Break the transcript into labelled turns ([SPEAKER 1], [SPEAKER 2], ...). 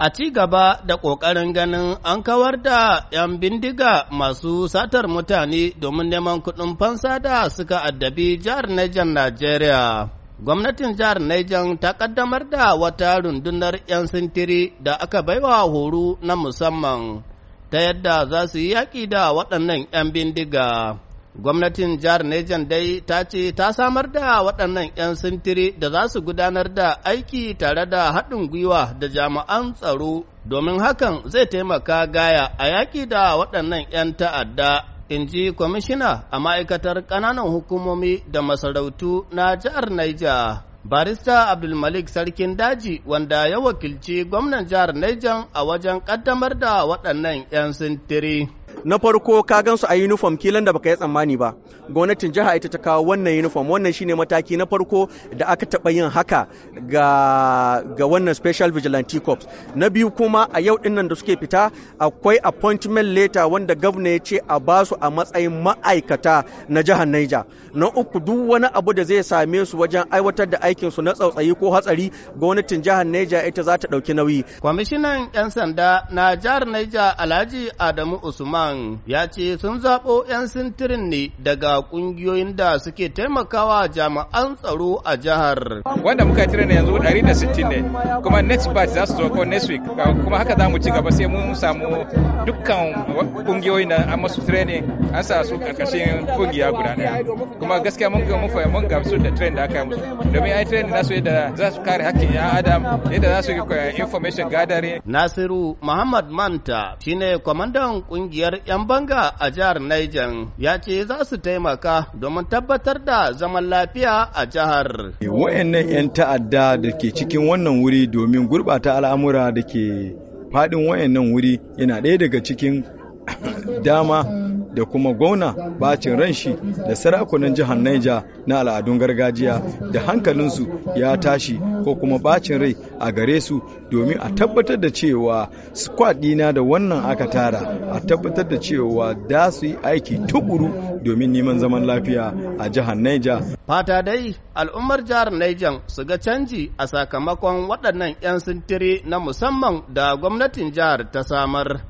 [SPEAKER 1] a ci gaba da ƙoƙarin ganin an kawar da 'yan bindiga masu satar mutane domin neman kuɗin fansa da suka addabi jihar Niger Najeriya. Gwamnatin jihar Niger ta ƙaddamar da wata rundunar 'yan sintiri da aka baiwa horo na musamman ta yadda za su yi yaƙi da waɗannan 'yan bindiga. Gwamnatin jihar Nejan dai ta ce ta samar da waɗannan 'yan sintiri da za su gudanar da aiki tare da haɗin gwiwa da jami'an tsaro domin hakan zai taimaka gaya a yaƙi da waɗannan 'yan ta'adda in ji kwamishina a ma'aikatar ƙananan hukumomi da masarautu na jihar Naija. Barista Abdulmalik Sarkin Daji wanda ya wakilci gwamnan jihar Niger a wajen ƙaddamar da waɗannan 'yan sintiri. na farko ka gan
[SPEAKER 2] a uniform kilan da baka yi tsammani ba gwamnatin jiha ita ta kawo wannan uniform wannan shine mataki na farko da aka taba yin haka ga ga wannan special vigilante corps na biyu kuma a yau dinnan da suke fita akwai appointment letter wanda gwamna ya ce a ba su a matsayin ma'aikata na jihar Niger na uku duk wani abu da zai same su wajen aiwatar da aikin su na tsautsayi ko hatsari gwamnatin jihar Niger ita za ta ɗauki nauyi
[SPEAKER 1] kwamishinan 'yan sanda na jihar Niger Alhaji Adamu Usman Usman ya ce sun zaɓo 'yan sintirin ne daga ƙungiyoyin da suke taimakawa jami'an tsaro
[SPEAKER 3] a jihar. Wanda muka cire ne yanzu 160 ne kuma next batch za su zo ko next week kuma haka za mu ci gaba sai mun samu dukkan ƙungiyoyin da an masu training an sa su ƙarƙashin ƙungiya guda ɗaya kuma gaskiya mun ga mun su da train da aka yi musu domin ai training nasu yadda za su kare hakkin ya adam yadda za su yi information gathering.
[SPEAKER 1] Nasiru Muhammad Manta shine kwamandan ƙungiyar 'yan banga a jihar Niger ya ce za su taimaka domin tabbatar da zaman lafiya a jihar. Wa'annan
[SPEAKER 4] 'yan ta'adda da ke cikin wannan wuri domin gurbata al'amura da ke faɗin wa'annan wuri yana ɗaya daga cikin dama da kuma gwamna bacin ranshi da sarakunan jihar Niger na al'adun gargajiya da hankalinsu ya tashi ko kuma bacin rai a gare su domin a tabbatar da cewa squad da wannan aka tara a tabbatar da cewa da su yi aiki tukuru domin neman zaman lafiya a jihar Niger.
[SPEAKER 1] Fata dai al'ummar jihar Niger su ga canji a sakamakon waɗannan 'yan sintiri na musamman da gwamnatin jihar ta samar.